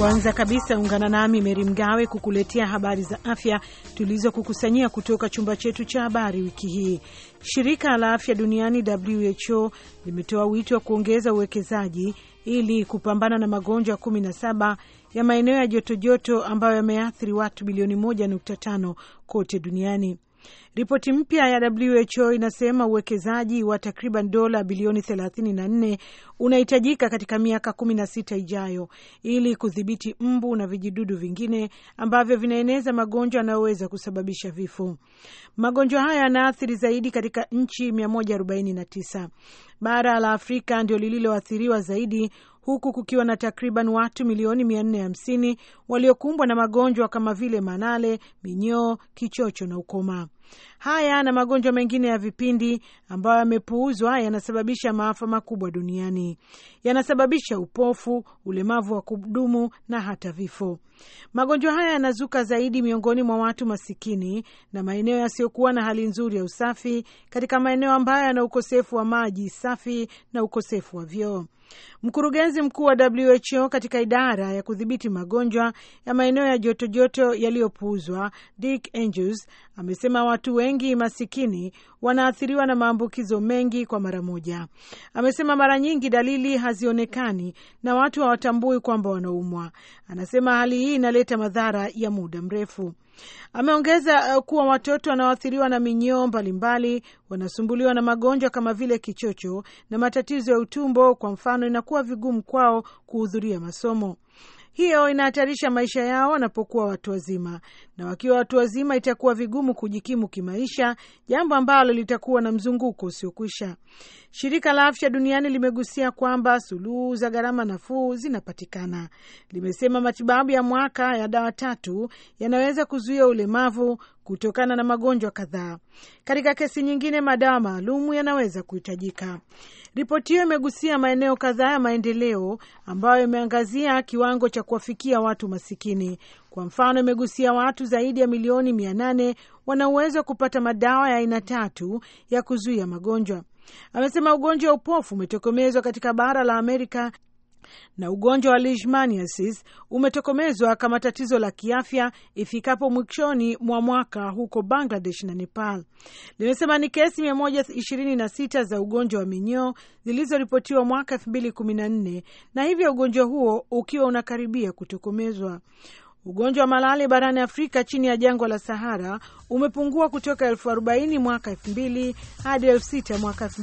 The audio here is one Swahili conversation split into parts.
Kwanza kabisa ungana nami Meri Mgawe kukuletea habari za afya tulizokukusanyia kutoka chumba chetu cha habari wiki hii. Shirika la Afya Duniani WHO limetoa wito wa kuongeza uwekezaji ili kupambana na magonjwa 17 ya maeneo ya jotojoto ambayo yameathiri watu bilioni 1.5 kote duniani. Ripoti mpya ya WHO inasema uwekezaji wa takriban dola bilioni 34 unahitajika katika miaka 16 ijayo ili kudhibiti mbu na vijidudu vingine ambavyo vinaeneza magonjwa yanayoweza kusababisha vifo. Magonjwa haya yanaathiri zaidi katika nchi 149. Bara la Afrika ndio lililoathiriwa zaidi huku kukiwa na takriban watu milioni 450 waliokumbwa na magonjwa kama vile malale, minyoo, kichocho na ukoma. Haya na magonjwa mengine ya vipindi ambayo yamepuuzwa yanasababisha maafa makubwa duniani. Yanasababisha upofu, ulemavu wa kudumu na hata vifo. Magonjwa haya yanazuka zaidi miongoni mwa watu masikini na maeneo yasiyokuwa na hali nzuri ya usafi, katika maeneo ambayo yana ukosefu wa maji safi na ukosefu wa vyoo. Mkurugenzi mkuu wa WHO katika idara ya kudhibiti magonjwa ya maeneo ya jotojoto yaliyopuuzwa, Dick Angels, amesema watu wengi wengi masikini wanaathiriwa na maambukizo mengi kwa mara moja. Amesema mara nyingi dalili hazionekani na watu hawatambui kwamba wanaumwa. Anasema hali hii inaleta madhara ya muda mrefu. Ameongeza uh, kuwa watoto wanaoathiriwa na minyoo mbalimbali wanasumbuliwa na magonjwa kama vile kichocho na matatizo ya utumbo. Kwa mfano, inakuwa vigumu kwao kuhudhuria masomo. Hiyo inahatarisha maisha yao wanapokuwa watu wazima, na wakiwa watu wazima itakuwa vigumu kujikimu kimaisha, jambo ambalo litakuwa na mzunguko usiokwisha. Shirika la Afya Duniani limegusia kwamba suluhu za gharama nafuu zinapatikana. Limesema matibabu ya mwaka ya dawa tatu yanaweza kuzuia ulemavu kutokana na magonjwa kadhaa. Katika kesi nyingine, madawa maalumu yanaweza kuhitajika. Ripoti hiyo imegusia maeneo kadhaa ya maendeleo ambayo imeangazia kiwango cha kuwafikia watu masikini. Kwa mfano, imegusia watu zaidi ya milioni mia nane wana uwezo wa kupata madawa ya aina tatu ya kuzuia magonjwa. Amesema ugonjwa wa upofu umetokomezwa katika bara la Amerika na ugonjwa wa leishmaniasis umetokomezwa kama tatizo la kiafya ifikapo mwishoni mwa mwaka huko Bangladesh na Nepal. Limesema ni kesi 126 za ugonjwa wa minyoo zilizoripotiwa mwaka 2014 na hivyo ugonjwa huo ukiwa unakaribia kutokomezwa. Ugonjwa wa malale barani Afrika chini ya jangwa la Sahara umepungua kutoka elfu arobaini mwaka elfu hadi elfu mwaka elfu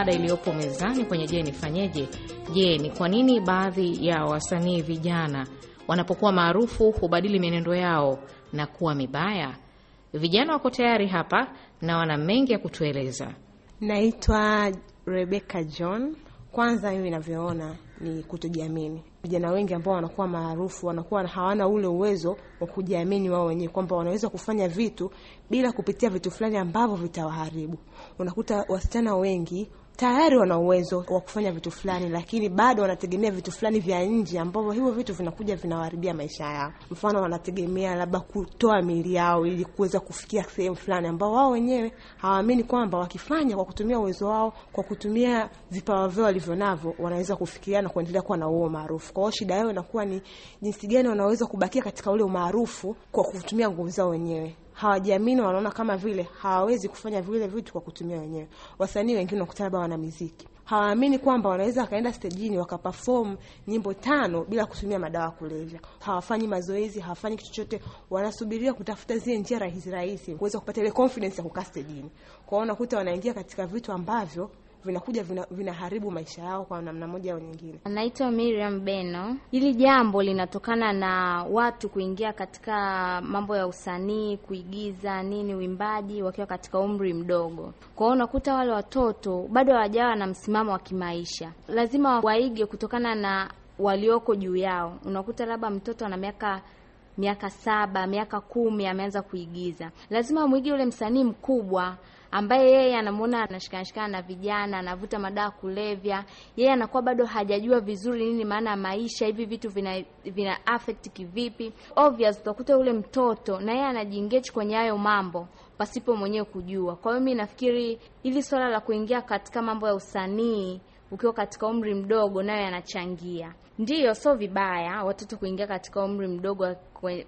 mada iliyopo mezani kwenye Je Nifanyeje. Je, ni kwa nini baadhi ya wasanii vijana wanapokuwa maarufu hubadili mienendo yao na kuwa mibaya? Vijana wako tayari hapa na wana mengi ya kutueleza. Naitwa Rebecca John. Kwanza mimi ninavyoona ni kutojiamini. Vijana wengi ambao wanakuwa maarufu wanakuwa hawana ule uwezo wa kujiamini wao wenyewe kwamba wanaweza kufanya vitu bila kupitia vitu fulani ambavyo vitawaharibu. Unakuta wasichana wengi tayari wana uwezo wa kufanya vitu fulani, lakini bado wanategemea vitu fulani vya nje, ambavyo hivyo vitu vinakuja vinawaharibia maisha yao. Mfano, wanategemea labda kutoa miili yao ili kuweza kufikia sehemu fulani, ambao wao wenyewe hawaamini kwamba wakifanya kwa kutumia uwezo wao, kwa kutumia vipawa vyao navyo, wanaweza kufikiria na kuendelea kuwa na huo umaarufu. Kwa hiyo shida yao inakuwa ni jinsi gani wanaweza kubakia katika ule umaarufu kwa kutumia nguvu zao wenyewe hawajiamini, wanaona kama vile hawawezi kufanya vile vitu kwa kutumia wenyewe. Wasanii wengine wakutana, labda wana miziki hawaamini kwamba wanaweza wakaenda stejini wakaperform nyimbo tano bila kutumia madawa kulevya. Hawafanyi mazoezi, hawafanyi kitu chochote, wanasubiria kutafuta zile njia rahisi rahisi kuweza kupata ile confidence ya kukaa stejini kwao. Unakuta wanaingia katika vitu ambavyo vinakuja vinaharibu vina maisha yao kwa namna moja au nyingine. Naitwa Miriam Beno. Hili jambo linatokana na watu kuingia katika mambo ya usanii, kuigiza nini, uimbaji wakiwa katika umri mdogo. Kwa hiyo unakuta wale watoto bado hawajawa na msimamo wa kimaisha, lazima waige kutokana na walioko juu yao. Unakuta labda mtoto ana miaka miaka saba, miaka kumi, ameanza kuigiza, lazima mwige ule msanii mkubwa ambaye yeye anamuona anashikanishikana na vijana, anavuta madawa kulevya, yeye anakuwa bado hajajua vizuri nini maana ya maisha, hivi vitu vina, vina affect kivipi. Obvious utakuta yule mtoto na yeye anajiengage kwenye hayo mambo pasipo mwenyewe kujua. Kwa hiyo mi nafikiri hili swala la kuingia katika mambo ya usanii ukiwa katika umri mdogo nayo yanachangia. Ndiyo, sio vibaya watoto kuingia katika umri mdogo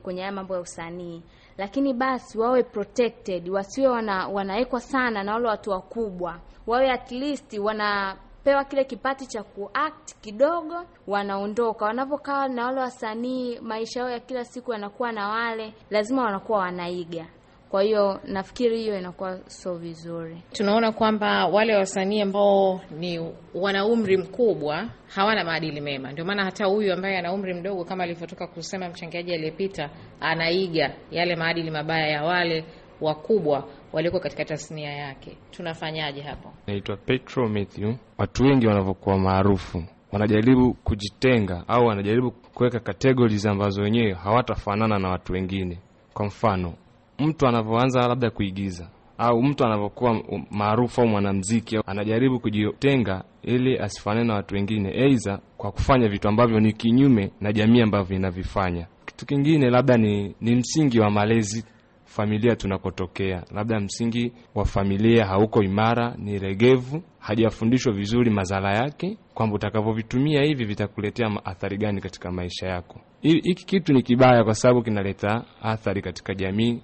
kwenye haya mambo ya usanii, lakini basi wawe protected, wasiwe wana, wanawekwa sana na wale watu wakubwa, wawe at least wana pewa kile kipati cha kuact kidogo, wanaondoka. Wanapokaa na wale wasanii, maisha yao ya kila siku yanakuwa na wale, lazima wanakuwa wanaiga. Kwa hiyo nafikiri hiyo inakuwa so vizuri. Tunaona kwamba wale wasanii ambao ni wana umri mkubwa hawana maadili mema, ndio maana hata huyu ambaye ana umri mdogo kama alivyotoka kusema mchangiaji aliyepita, anaiga yale maadili mabaya ya wale wakubwa walioko katika tasnia yake. Tunafanyaje hapo? Naitwa Petro Mathew. Watu wengi wanavyokuwa maarufu wanajaribu kujitenga au wanajaribu kuweka kategori ambazo wenyewe hawatafanana na watu wengine. Kwa mfano, mtu anavyoanza labda kuigiza au mtu anavyokuwa maarufu au mwanamuziki anajaribu kujitenga ili asifanane na watu wengine, aidha kwa kufanya vitu ambavyo ni kinyume na jamii ambavyo inavifanya. Kitu kingine labda ni, ni msingi wa malezi familia tunakotokea, labda msingi wa familia hauko imara, ni legevu, hajafundishwa vizuri madhara yake, kwamba utakavyovitumia hivi vitakuletea athari gani katika maisha yako. Hiki kitu ni kibaya, kwa sababu kinaleta athari katika jamii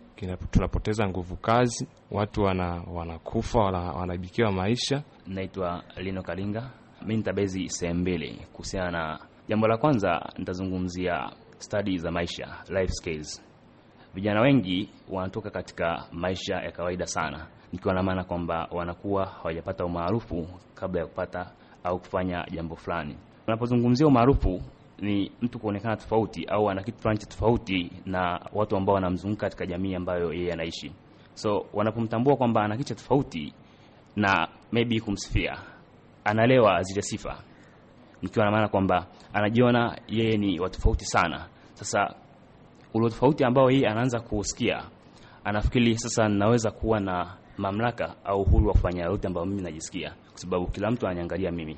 tunapoteza nguvu kazi, watu wana, wanakufa wanaibikiwa maisha. Naitwa Lino Kalinga, mi nitabezi sehemu mbili kuhusiana na jambo la kwanza. Nitazungumzia study za maisha, life skills. Vijana wengi wanatoka katika maisha ya kawaida sana, nikiwa na maana kwamba wanakuwa hawajapata umaarufu kabla ya kupata au kufanya jambo fulani. Unapozungumzia umaarufu ni mtu kuonekana tofauti au ana kitu fulani tofauti na watu ambao wanamzunguka katika jamii ambayo yeye anaishi. So wanapomtambua kwamba ana kitu tofauti na maybe kumsifia, analewa zile sifa, nikiwa na maana kwamba anajiona yeye ni wa tofauti sana. Sasa ule tofauti ambao yeye anaanza kusikia, anafikiri sasa naweza kuwa na mamlaka au uhuru wa kufanya yote ambayo mimi najisikia, kwa sababu kila mtu ananiangalia mimi,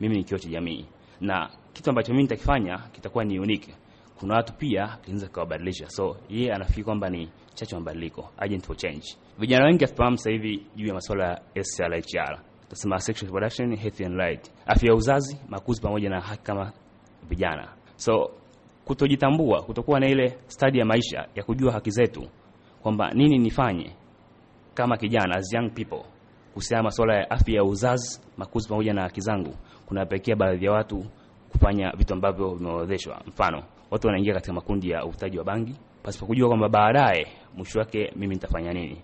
mimi ni kioo cha jamii na kitu ambacho mimi nitakifanya kitakuwa ni unique. Kuna watu pia kinaweza kuwabadilisha, so yeye anafikiri kwamba ni chachu ya mabadiliko, agent for change. Vijana wengi afahamu sasa hivi juu ya masuala ya SRHR, tunasema sexual reproduction health and right, afya ya uzazi, makuzi pamoja na haki kama vijana. So kutojitambua, kutokuwa na ile study ya maisha ya kujua haki zetu, kwamba nini nifanye kama kijana, as young people, kuhusiana masuala ya afya ya uzazi, makuzi pamoja na haki zangu kunapelekea baadhi ya watu kufanya vitu ambavyo vimeorodheshwa. Mfano, watu wanaingia katika makundi ya uvutaji wa bangi pasipo kujua kwamba baadaye mwisho wake mimi nitafanya nini.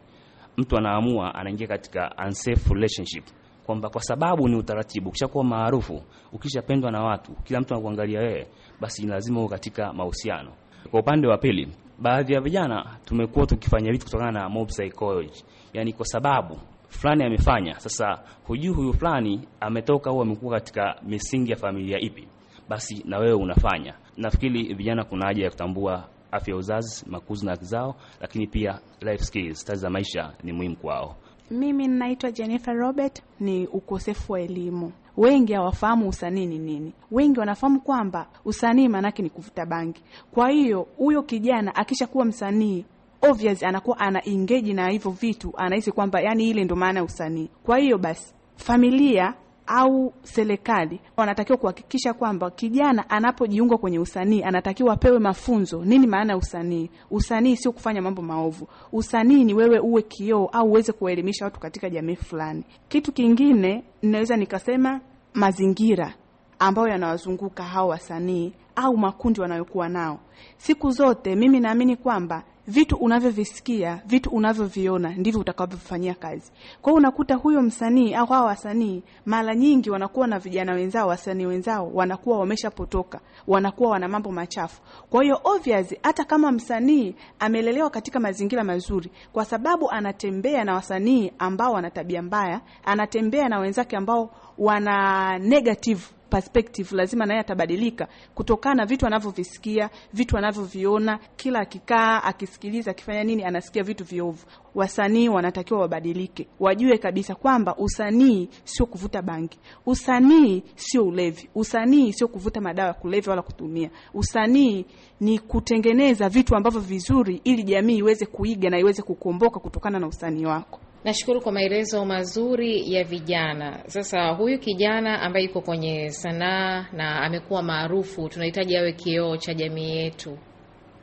Mtu anaamua anaingia katika unsafe relationship kwamba kwa sababu ni utaratibu, ukishakuwa maarufu, ukishapendwa na watu, kila mtu anakuangalia wewe, basi lazima uwe katika mahusiano. Kwa upande wa pili, baadhi ya vijana tumekuwa tukifanya vitu kutokana na mob psychology, yani kwa sababu fulani amefanya. Sasa hujui huyu fulani ametoka au amekuwa katika misingi ya familia ipi, basi na wewe unafanya. Nafikiri vijana, kuna haja ya kutambua afya ya uzazi, makuzi na haki zao, lakini pia life skills, stadi za maisha ni muhimu kwao. Mimi ninaitwa Jennifer Robert. Ni ukosefu wa elimu, wengi hawafahamu usanii ni nini. Wengi wanafahamu kwamba usanii maanake ni kuvuta bangi. Kwa hiyo huyo kijana akishakuwa msanii obvious anakuwa ana engage na hivyo vitu, anahisi kwamba yani ile ndo maana ya usanii. Kwa hiyo basi familia au serikali wanatakiwa kuhakikisha kwamba kijana anapojiunga kwenye usanii anatakiwa apewe mafunzo. Nini maana ya usanii? Usanii sio kufanya mambo maovu. Usanii ni wewe uwe kioo au uweze kuwaelimisha watu katika jamii fulani. Kitu kingine ninaweza nikasema mazingira ambayo yanawazunguka hao wasanii au makundi wanayokuwa nao. Siku zote mimi naamini kwamba vitu unavyovisikia, vitu unavyoviona ndivyo utakavyofanyia kazi. Kwa hiyo unakuta huyo msanii au hawa wasanii mara nyingi wanakuwa na vijana wenzao, wasanii wenzao wanakuwa wameshapotoka, wanakuwa wana mambo machafu. Kwa hiyo obvious, hata kama msanii amelelewa katika mazingira mazuri, kwa sababu anatembea na wasanii ambao wana tabia mbaya, anatembea na wenzake ambao wana negative perspective lazima naye atabadilika kutokana na vitu anavyovisikia, vitu anavyoviona. Kila akikaa akisikiliza, akifanya nini, anasikia vitu viovu. Wasanii wanatakiwa wabadilike, wajue kabisa kwamba usanii sio kuvuta bangi, usanii sio ulevi, usanii sio kuvuta madawa ya kulevya wala kutumia. Usanii ni kutengeneza vitu ambavyo vizuri, ili jamii iweze kuiga na iweze kukomboka kutokana na usanii wako. Nashukuru kwa maelezo mazuri ya vijana. Sasa huyu kijana ambaye yuko kwenye sanaa na amekuwa maarufu, tunahitaji awe kioo cha jamii yetu.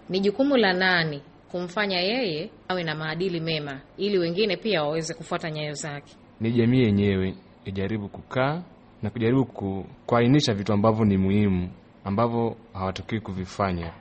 Ni jukumu la nani kumfanya yeye awe na maadili mema ili wengine pia waweze kufuata nyayo zake? Ni jamii yenyewe ijaribu kukaa na kujaribu kuainisha vitu ambavyo ni muhimu ambavyo hawatakiwi kuvifanya,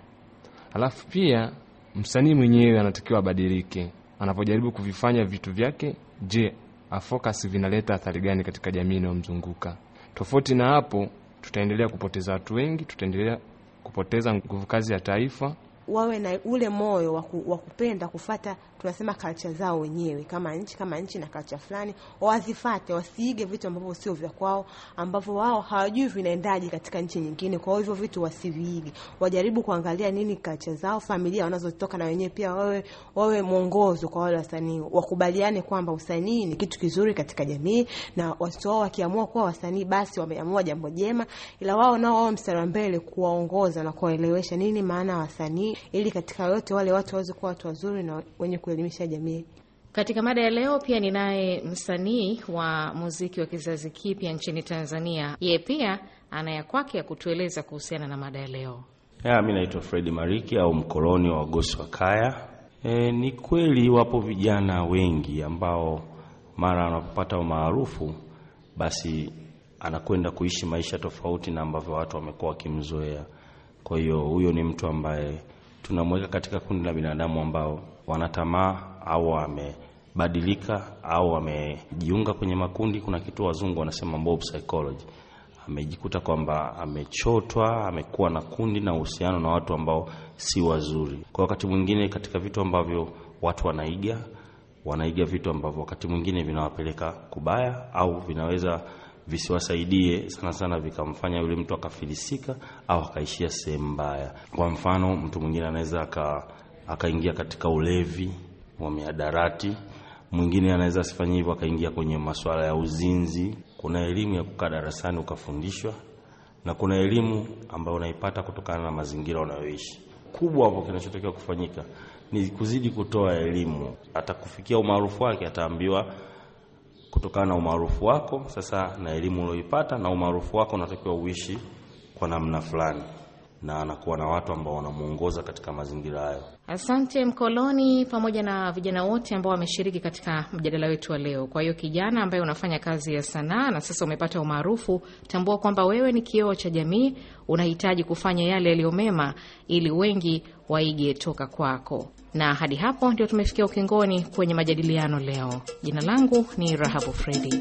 alafu pia msanii mwenyewe anatakiwa abadilike anapojaribu kuvifanya vitu vyake, je, afokasi vinaleta athari gani katika jamii inayomzunguka? Tofauti na hapo, tutaendelea kupoteza watu wengi, tutaendelea kupoteza nguvu kazi ya taifa wawe na ule moyo wa kupenda kufata, tunasema kalcha zao wenyewe, kama nchi kama nchi na kalcha fulani wazifate, wasiige vitu ambavyo sio vya kwao, ambavyo wao hawajui vinaendaje katika nchi nyingine. Kwa hivyo vitu wasiviige, wajaribu kuangalia nini kalcha zao, familia wanazotoka na wenyewe pia wawe, wawe mwongozo kwa wale wasanii, wakubaliane kwamba usanii ni kitu kizuri katika jamii, na watoto wao wakiamua kuwa wasanii, basi wameamua jambo jema, ila wao nao wao mstari wa mbele kuwaongoza na kuwaelewesha nini maana wasanii ili katika yote wale watu waweze kuwa watu wazuri na wenye kuelimisha jamii. Katika mada ya leo pia ninaye msanii wa muziki wa kizazi kipya nchini Tanzania. Yeye pia ana ya kwake ya kutueleza kuhusiana na mada ya leo. Mi naitwa Fredi Mariki au mkoloni wa gosi wa kaya. E, ni kweli wapo vijana wengi ambao mara wanapopata umaarufu basi anakwenda kuishi maisha tofauti na ambavyo watu wamekuwa wakimzoea. Kwa hiyo huyo ni mtu ambaye tunamweka katika kundi la binadamu ambao wanatamaa au wamebadilika au wamejiunga kwenye makundi. Kuna kitu wazungu wanasema mob psychology. Amejikuta kwamba amechotwa, amekuwa na kundi na uhusiano na watu ambao si wazuri. Kwa wakati mwingine, katika vitu ambavyo watu wanaiga, wanaiga vitu ambavyo wakati mwingine vinawapeleka kubaya au vinaweza visiwasaidie sana sana, vikamfanya yule mtu akafilisika au akaishia sehemu mbaya. Kwa mfano, mtu mwingine anaweza akaingia katika ulevi wa mihadarati, mwingine anaweza asifanye hivyo, akaingia kwenye masuala ya uzinzi. Kuna elimu ya kukaa darasani ukafundishwa, na kuna elimu ambayo unaipata kutokana na mazingira unayoishi. Kubwa hapo, kinachotakiwa kufanyika ni kuzidi kutoa elimu, atakufikia umaarufu wake, ataambiwa kutokana na umaarufu wako sasa na elimu uliyoipata na umaarufu wako unatakiwa uishi kwa namna fulani na anakuwa na watu ambao wanamuongoza katika mazingira hayo. Asante mkoloni, pamoja na vijana wote ambao wameshiriki katika mjadala wetu wa leo. Kwa hiyo kijana ambaye unafanya kazi ya sanaa na sasa umepata umaarufu, tambua kwamba wewe ni kioo cha jamii. Unahitaji kufanya yale yaliyo mema ili wengi waige toka kwako. Na hadi hapo ndio tumefikia ukingoni kwenye majadiliano leo. Jina langu ni Rahabu Fredi.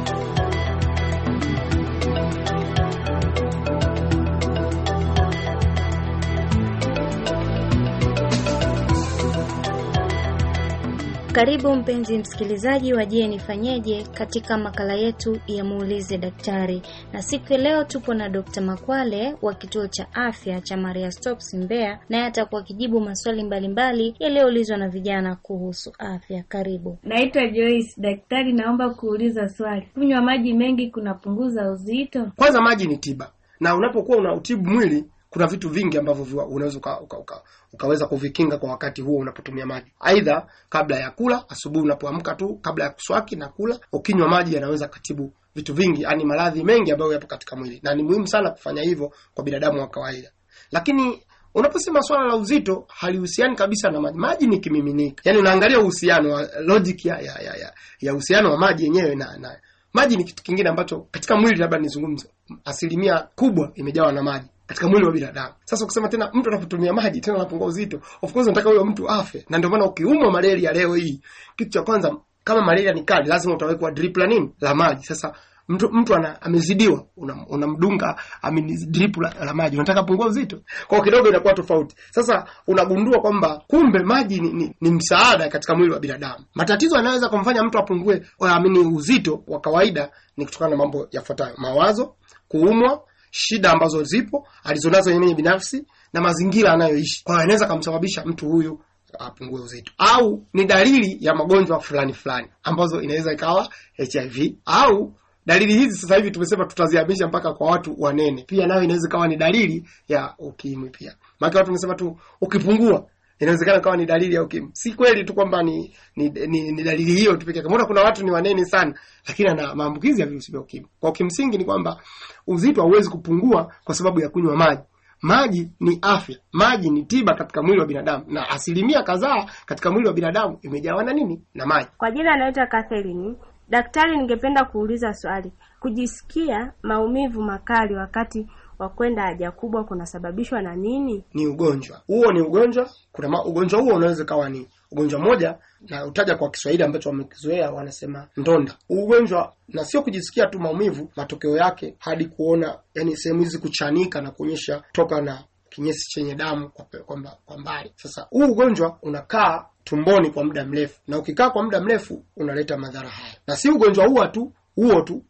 Karibu mpenzi msikilizaji wa Je, nifanyeje katika makala yetu ya muulize daktari, na siku ya leo tupo na Dr. Makwale wa kituo cha afya cha Maria Stopes Mbeya, naye atakuwa akijibu maswali mbalimbali yaliyoulizwa na vijana kuhusu afya. Karibu. Naitwa Joyce. Daktari, naomba kuuliza swali, kunywa maji mengi kunapunguza uzito? Kwanza maji ni tiba, na unapokuwa unautibu mwili kuna vitu vingi ambavyo unaweza uka, uka, uka, ukaweza kuvikinga kwa wakati huo unapotumia maji, aidha kabla ya kula asubuhi, unapoamka tu kabla ya kuswaki na kula, ukinywa maji yanaweza katibu vitu vingi, yani maradhi mengi ambayo yapo katika mwili, na ni muhimu sana kufanya hivyo kwa binadamu wa kawaida. Lakini unaposema swala la uzito halihusiani kabisa na maji. Maji ni kimiminika, yani unaangalia uhusiano wa logic ya ya ya ya uhusiano wa maji yenyewe na, na maji ni kitu kingine ambacho katika mwili labda nizungumze, asilimia kubwa imejawa na maji katika mwili wa binadamu. Sasa ukisema tena mtu anapotumia maji tena anapungua uzito, of course unataka huyo mtu afe, na ndio maana ukiumwa malaria leo hii, kitu cha kwanza kama malaria ni kali, lazima utawekwa drip la nini la maji. Sasa mtu mtu ana, amezidiwa unamdunga una amini drip la, la maji, unataka pungua uzito kwa kidogo, inakuwa tofauti. Sasa unagundua kwamba kumbe maji ni, ni, ni msaada katika mwili wa binadamu. Matatizo yanaweza kumfanya mtu apungue amini uzito wa kawaida ni kutokana na mambo yafuatayo: mawazo, kuumwa shida ambazo zipo alizonazo yeye binafsi na mazingira anayoishi. Kwa hiyo anaweza kumsababisha mtu huyu apungue uzito, au ni dalili ya magonjwa fulani fulani ambazo inaweza ikawa HIV au dalili hizi sasa hivi tumesema tutazihamisha mpaka kwa watu wanene, pia nayo inaweza ikawa ni dalili ya ukimwi pia, maana watu wamesema tu ukipungua inawezekana kawa ni dalili ya ukimwi. Si kweli tu kwamba ni, ni, ni, ni dalili hiyo tu pekee Mbona kuna watu ni wanene sana lakini ana maambukizi ya virusi vya ukimwi. Kwa kimsingi ni kwamba uzito hauwezi kupungua kwa sababu ya kunywa maji. Maji ni afya, maji ni tiba katika mwili wa binadamu, na asilimia kadhaa katika mwili wa binadamu imejawa na nini? Na maji. Kwa jina anaitwa Catherine. Daktari, ningependa kuuliza swali. Kujisikia maumivu makali wakati wa kwenda haja kubwa kunasababishwa na nini? Ni ugonjwa huo, ni ugonjwa. Kuna ma, ugonjwa huo unaweza kawa ni ugonjwa mmoja, na utaja kwa Kiswahili ambacho wamekizoea, wanasema ndonda. Ugonjwa na sio kujisikia tu maumivu, matokeo yake hadi kuona, yani sehemu hizi kuchanika na kuonyesha toka na kinyesi chenye damu kwa, kwa, kwa mbali. Sasa huu ugonjwa unakaa tumboni kwa muda mrefu, na ukikaa kwa muda mrefu unaleta madhara haya, na si ugonjwa huo tu huo tu,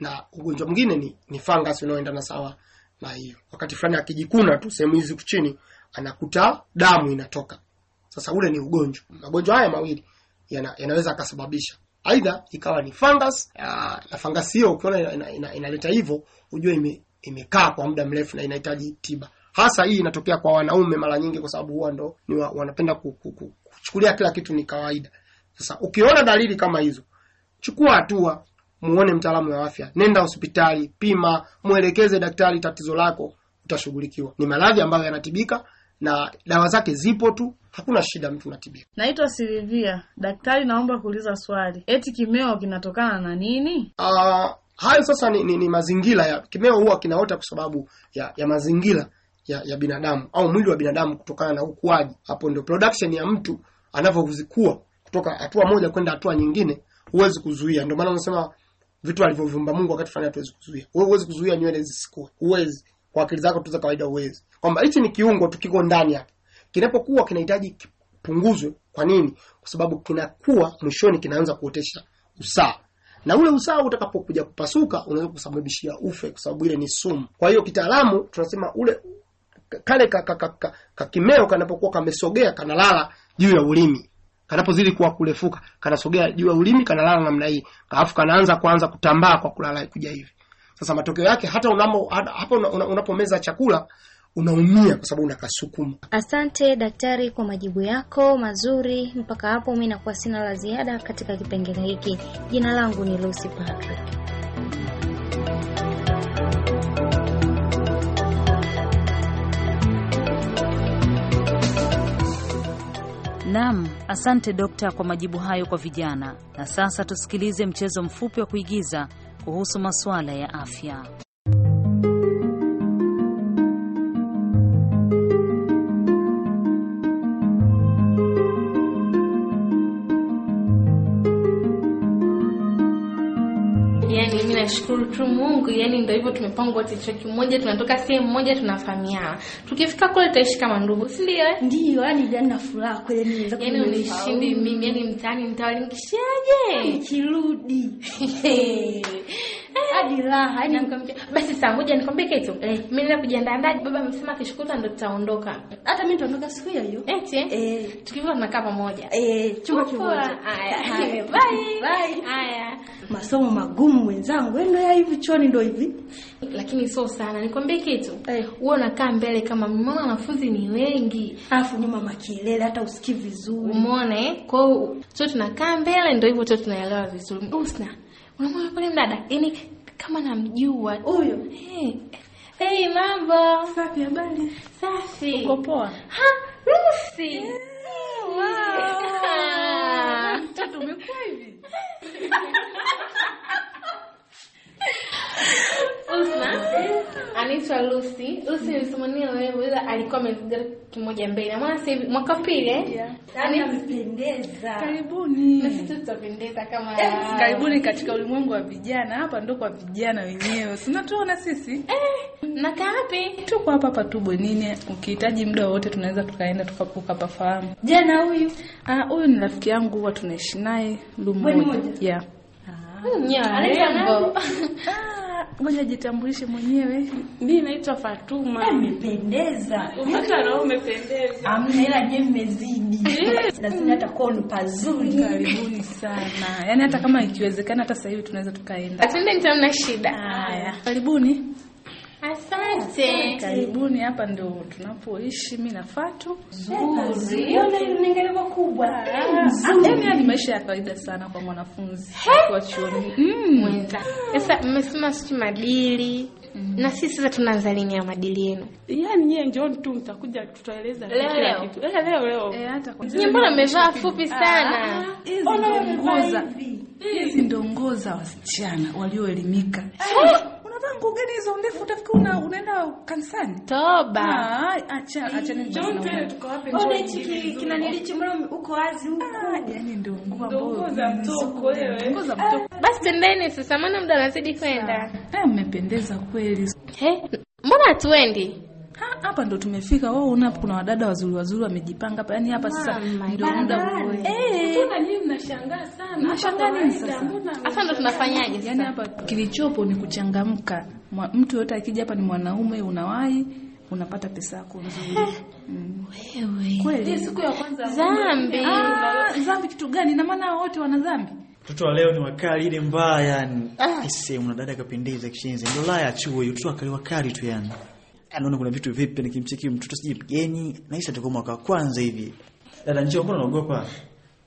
na ugonjwa mwingine ni, ni fungus unaoendana sawa na hiyo. Wakati fulani akijikuna tu sehemu hizi chini, anakuta damu inatoka. Sasa ule ni ugonjwa. Magonjwa haya mawili yana, yanaweza akasababisha aidha ikawa ni fungus na fungus hiyo ukiona inaleta ina, ina, ina hivyo ujue ime, imekaa kwa muda mrefu na inahitaji tiba. Hasa hii inatokea kwa wanaume mara nyingi, kwa sababu huwa ndo ni wa, wanapenda kuchukulia kila kitu ni kawaida. Sasa ukiona dalili kama hizo, chukua hatua, muone mtaalamu wa afya, nenda hospitali, pima, mwelekeze daktari tatizo lako, utashughulikiwa. Ni maradhi ambayo yanatibika na dawa zake zipo tu, hakuna shida, mtu natibia. Naitwa Silivia. Daktari, naomba kuuliza swali, eti kimeo kinatokana na nini? Uh, hayo sasa ni, ni, ni mazingira ya kimeo. Huwa kinaota kwa sababu ya, ya mazingira ya, ya binadamu au mwili wa binadamu kutokana na ukuaji. Hapo ndio production ya mtu anavyozikua kutoka hatua moja kwenda hatua nyingine, huwezi kuzuia. Ndio maana unasema vitu alivyoviumba Mungu wakati fulani hatuwezi kuzuia. Wewe huwezi kuzuia nywele zisikue, huwezi kwa akili zako tu za kawaida, huwezi kwamba hichi ni kiungo tu kiko ndani hapa, kinapokuwa kinahitaji kipunguzwe. Kwa nini? Kwa sababu kinakuwa mwishoni kinaanza kuotesha usaa na ule usaa utakapokuja kupasuka unaweza kusababishia ufe, kwa sababu ile ni sumu. Kwa hiyo kitaalamu tunasema ule kale kakimeo ka, ka, ka, kanapokuwa kamesogea kanalala juu ya ulimi kanapozidi kuwa kurefuka kanasogea juu ya ulimi, kanalala namna hii, alafu kanaanza kuanza kutambaa kwa kulala kuja hivi. Sasa matokeo yake hata unamo hapo unapomeza una, una chakula unaumia kwa sababu unakasukuma. Asante daktari kwa majibu yako mazuri. Mpaka hapo mimi nakuwa sina la ziada katika kipengele hiki. Jina langu ni Lucy Patrick. Naam, asante dokta kwa majibu hayo kwa vijana. Na sasa tusikilize mchezo mfupi wa kuigiza kuhusu masuala ya afya. nashukuru tu Mungu, yani ndio hivyo, tumepangwa wote chuo kimoja, tunatoka sehemu moja, tunafahamiana. Tukifika kule tutaishi kama ndugu, si ndio? Eh? Ndio, yani jana furaha kweli, yaani mimi naweza yani unishindi mimi, yani mtaani nitawalimkishaje yaani nikirudi hadi raha hadi nikamwambia basi saa moja nikwambie kitu eh, mimi nenda kujiandaa ndani, baba amesema kishukuta ndo tutaondoka. Hata mimi nitaondoka siku hiyo hiyo eh, eti eh, tukivua tunakaa pamoja eh, chumba kimoja. Haya, bye bye. Haya, masomo magumu wenzangu, ndio hivi choni ndio hivi, lakini sio sana. Nikwambie kitu eh, wewe unakaa mbele kama mimi, wanafunzi ni wengi, alafu nyuma makelele, hata usikii vizuri, umeona eh? Kwa hiyo sio tunakaa mbele, ndio hivyo tu tunaelewa vizuri. Usna unamwona pale mdada, Yaani kama namjua huyo. Hey. Hey, mambo. Safi, habari? Safi. Uko poa? Ha, Lucy. Yeah. Wow. Mtoto umekuwa hivi? anaitwa Lucy. Lucy mm. nilisomania wewe bila alikuwa amezidi kimoja mbele. Na mwana sasa hivi mwaka pili eh? Yeah. Sana mpendeza. Karibuni. Na sisi tutapendeza kama eh, karibuni katika ulimwengu wa vijana. Hapa ndo kwa vijana wenyewe. Si unatuona sisi? Eh, na kapi? Tuko hapa hapa tu bwenini. Ukihitaji muda wote tunaweza tukaenda tukapuka pafahamu. Jana huyu. Ah, huyu ni rafiki yangu huwa tunaishi naye Lumo. Yeah. Ah. Mm, yeah. Ngoja jitambulishe mwenyewe. Mimi naitwa Fatuma. Eh, umependeza. Umependeza. Roho umependeza. Amna ila je mmezidi. Na eh. sisi hata kwa ni pazuri. Karibuni sana. Yaani hata kama ikiwezekana hata sasa hivi tunaweza tukaenda. Atende nita mna shida. Haya. Karibuni. Asante. Karibuni, hapa ndio tunapoishi mimi na Fatu. Nzuri. Yule ni kubwa ni yaani maisha ya kawaida sana kwa mwanafunzi chuoni. Mm. Sasa mmesema madili mm-hmm. na sisi sasa tunaanza lini ya madili yenu? Yaani nyie njooni tu mtakuja tutaeleza eh, leo leo. Eh, hata kwa. Nyie mbona mmevaa fupi ah. sana? Hizi oh, wasichana walioelimika tangu gani hizo ndefu utafika una, unaenda kanisani? Toba. Ah, acha acha ni njoo tena tuko wapi oh, njoo. Ona hiki kinanilichi mbona uko wazi huko? Ah, yani ndio nguo za mtoko wewe. Nguo za mtoko. Ah. Basi tendeni sasa maana muda unazidi kwenda. Eh, mmependeza kweli. Eh, Mbona hatuendi? hapa ndo tumefika. Wao una kuna wadada wazuri wazuri wamejipanga hapa, yani hapa sasa ndo muda. Eh, Hapa ndo tunafanyaje Yani hapa kilichopo ni kuchangamka. Mtu yote akija hapa ni mwanaume, unawahi unapata pesa yako nzuri. Eh. Mm. Wewe kweli, siku ya kwanza zambi ah, zambi, kitu gani? Na maana wote wana zambi? Mtoto wa leo ni wakali ile mbaya yani. Ah, sisi mna kapendeza kishenzi. Ndio la ya chuo, yutoa kali wakali tu yani anaona kuna vitu vipi, nikimcheki mtoto sijui mgeni, naisha tuko mwaka kwanza hivi. Dada njoo, mbona unaogopa?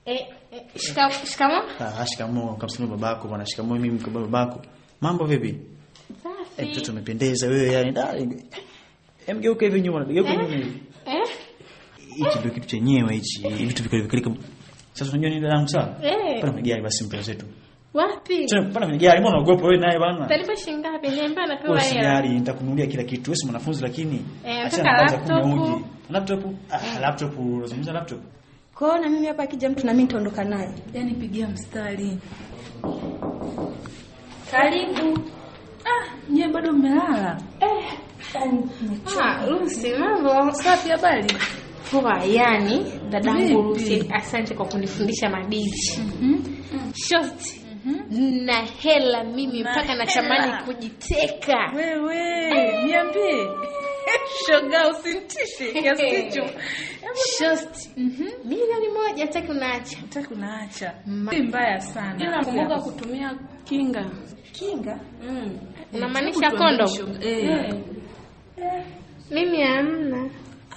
Eh, eh shikamo shikamoo. Ah, ah, shikamoo. Kamsema babako bwana, shikamo Mimi mko babako. Mambo vipi? Safi. Eh, mtoto umependeza wewe, yani da. Emgeuke eh, hivi nyuma, geuka eh, nyuma hivi. Eh? Hichi ndio kitu chenyewe hichi. vitu vikali vikali. kama Sasa unajua nini dadangu, eh pana mgeni basi mpenzi wetu. Wapi? Sasa pana kwenye mbona unaogopa wewe naye bana? Talipa shilingi ngapi? Niambia napewa hela. Wewe gari nitakununulia kila kitu. Wewe si mwanafunzi lakini eh, acha kwanza kunyauji. Laptop, ah, eh. laptop, unazungumza laptop. Kwa hiyo na mimi hapa akija mtu na mimi nitaondoka naye. Yaani pigia mstari. Karibu. Ah, nyewe bado mmelala. Eh. Ah, Lucy, mambo. Safi habari. Poa, yani dadangu Lucy, asante kwa kunifundisha mabichi. Mhm. Mm Short Mhm. na hela mimi mpaka na natamani kujiteka. Wewe niambie shoga, usintishe kiasi hicho. Mhm. Milioni moja hata kunaacha hata kunaacha unaacha, mbaya sana. Ila kumbuka kutumia kinga. Kinga mm. unamaanisha kondo kondom? Eh. Eh. Mimi amna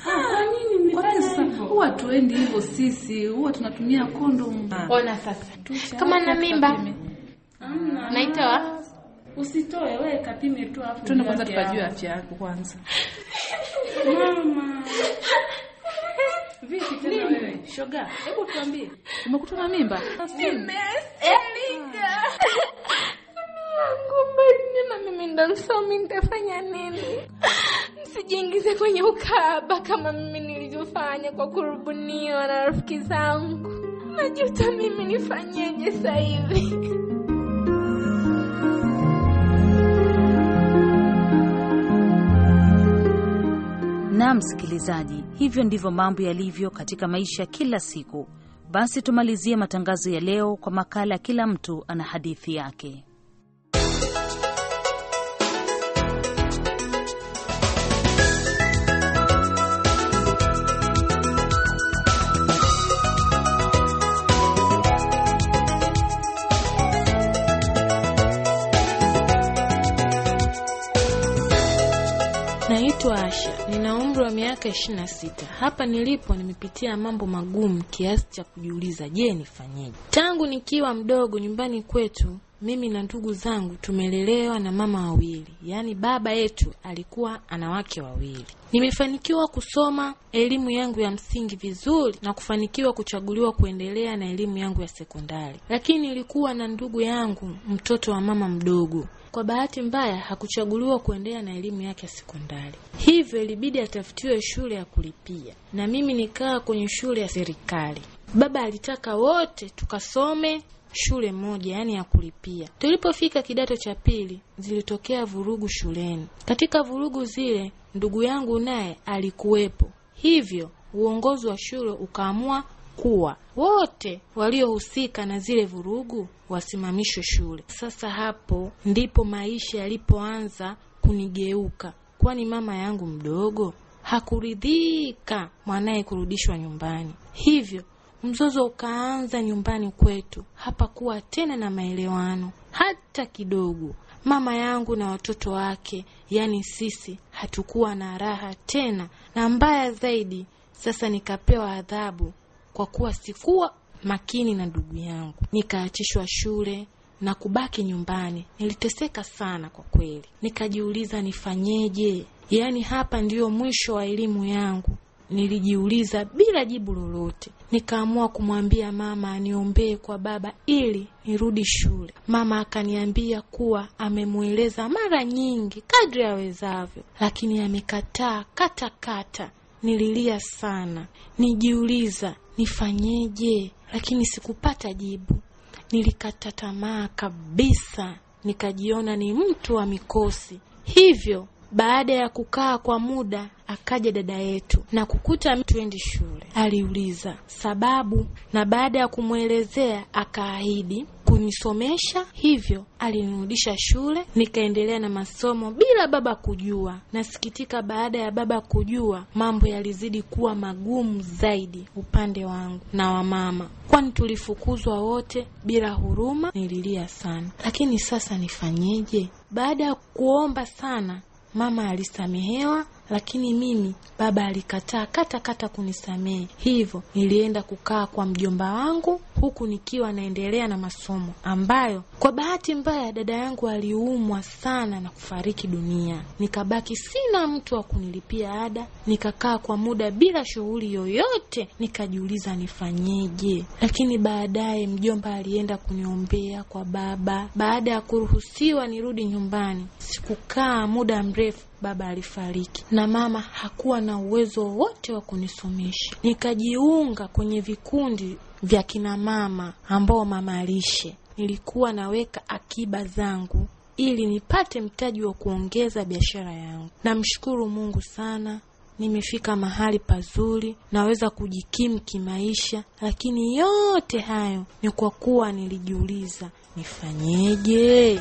kwa nini mmefanya Huwa tuendi hivyo sisi, huwa tunatumia kondomu. Ah. Ona sasa, kama na mimba naitoa, usitoe wewe, kapime tu afu tuna kwanza, tukajue afya yako kwanza. Mama vipi tena wewe, shoga, hebu tuambie, umekutwa na mimba? Nimeselika Mungu, mbona mimi ndo msomi, nitafanya nini? Sijiingize kwenye ukaba kama mimi nilivyofanya kwa kurubuniwa na rafiki zangu. Najuta mimi, nifanyeje sasa hivi? Na msikilizaji, hivyo ndivyo mambo yalivyo katika maisha kila siku. Basi tumalizie matangazo ya leo kwa makala, kila mtu ana hadithi yake. miaka ishirini na sita hapa nilipo nimepitia mambo magumu kiasi cha kujiuliza, je, nifanyeje? Tangu nikiwa mdogo nyumbani kwetu mimi na ndugu zangu tumelelewa na mama wawili, yaani baba yetu alikuwa ana wake wawili. Nimefanikiwa kusoma elimu yangu ya msingi vizuri na kufanikiwa kuchaguliwa kuendelea na elimu yangu ya sekondari, lakini nilikuwa na ndugu yangu mtoto wa mama mdogo kwa bahati mbaya hakuchaguliwa kuendelea na elimu yake ya sekondari, hivyo ilibidi atafutiwe shule ya kulipia, na mimi nikaa kwenye shule ya serikali. Baba alitaka wote tukasome shule moja, yaani ya kulipia. Tulipofika kidato cha pili, zilitokea vurugu shuleni. Katika vurugu zile, ndugu yangu naye alikuwepo, hivyo uongozi wa shule ukaamua kuwa wote waliohusika na zile vurugu wasimamishwe shule. Sasa hapo ndipo maisha yalipoanza kunigeuka, kwani mama yangu mdogo hakuridhika mwanaye kurudishwa nyumbani, hivyo mzozo ukaanza nyumbani kwetu. Hapakuwa tena na maelewano hata kidogo. Mama yangu na watoto wake, yaani sisi, hatukuwa na raha tena, na mbaya zaidi, sasa nikapewa adhabu kwa kuwa sikuwa makini na ndugu yangu, nikaachishwa shule na kubaki nyumbani. Niliteseka sana kwa kweli, nikajiuliza nifanyeje? Yaani hapa ndiyo mwisho wa elimu yangu, nilijiuliza bila jibu lolote. Nikaamua kumwambia mama aniombee kwa baba ili nirudi shule. Mama akaniambia kuwa amemweleza mara nyingi kadri awezavyo, lakini amekataa kata katakata. Nililia sana, nijiuliza nifanyeje? Lakini sikupata jibu. Nilikata tamaa kabisa, nikajiona ni mtu wa mikosi. Hivyo baada ya kukaa kwa muda akaja dada yetu na kukuta twende shule. Aliuliza sababu, na baada ya kumwelezea akaahidi kunisomesha, hivyo alinirudisha shule nikaendelea na masomo bila baba kujua. Nasikitika, baada ya baba kujua, mambo yalizidi kuwa magumu zaidi upande wangu na wa mama, kwani tulifukuzwa wote bila huruma. Nililia sana, lakini sasa nifanyeje? Baada ya kuomba sana, mama alisamehewa lakini mimi baba alikataa kata kata kunisamehe. Hivyo nilienda kukaa kwa mjomba wangu, huku nikiwa naendelea na masomo ambayo kwa bahati mbaya dada yangu aliumwa sana na kufariki dunia. Nikabaki sina mtu wa kunilipia ada, nikakaa kwa muda bila shughuli yoyote, nikajiuliza nifanyeje. Lakini baadaye mjomba alienda kuniombea kwa baba. Baada ya kuruhusiwa nirudi nyumbani, sikukaa muda mrefu baba alifariki na mama hakuwa na uwezo wote wa kunisomesha. Nikajiunga kwenye vikundi vya kina mama ambao mama alishe. Nilikuwa naweka akiba zangu ili nipate mtaji wa kuongeza biashara yangu. Namshukuru Mungu sana, nimefika mahali pazuri, naweza kujikimu kimaisha, lakini yote hayo ni kwa kuwa nilijiuliza nifanyeje.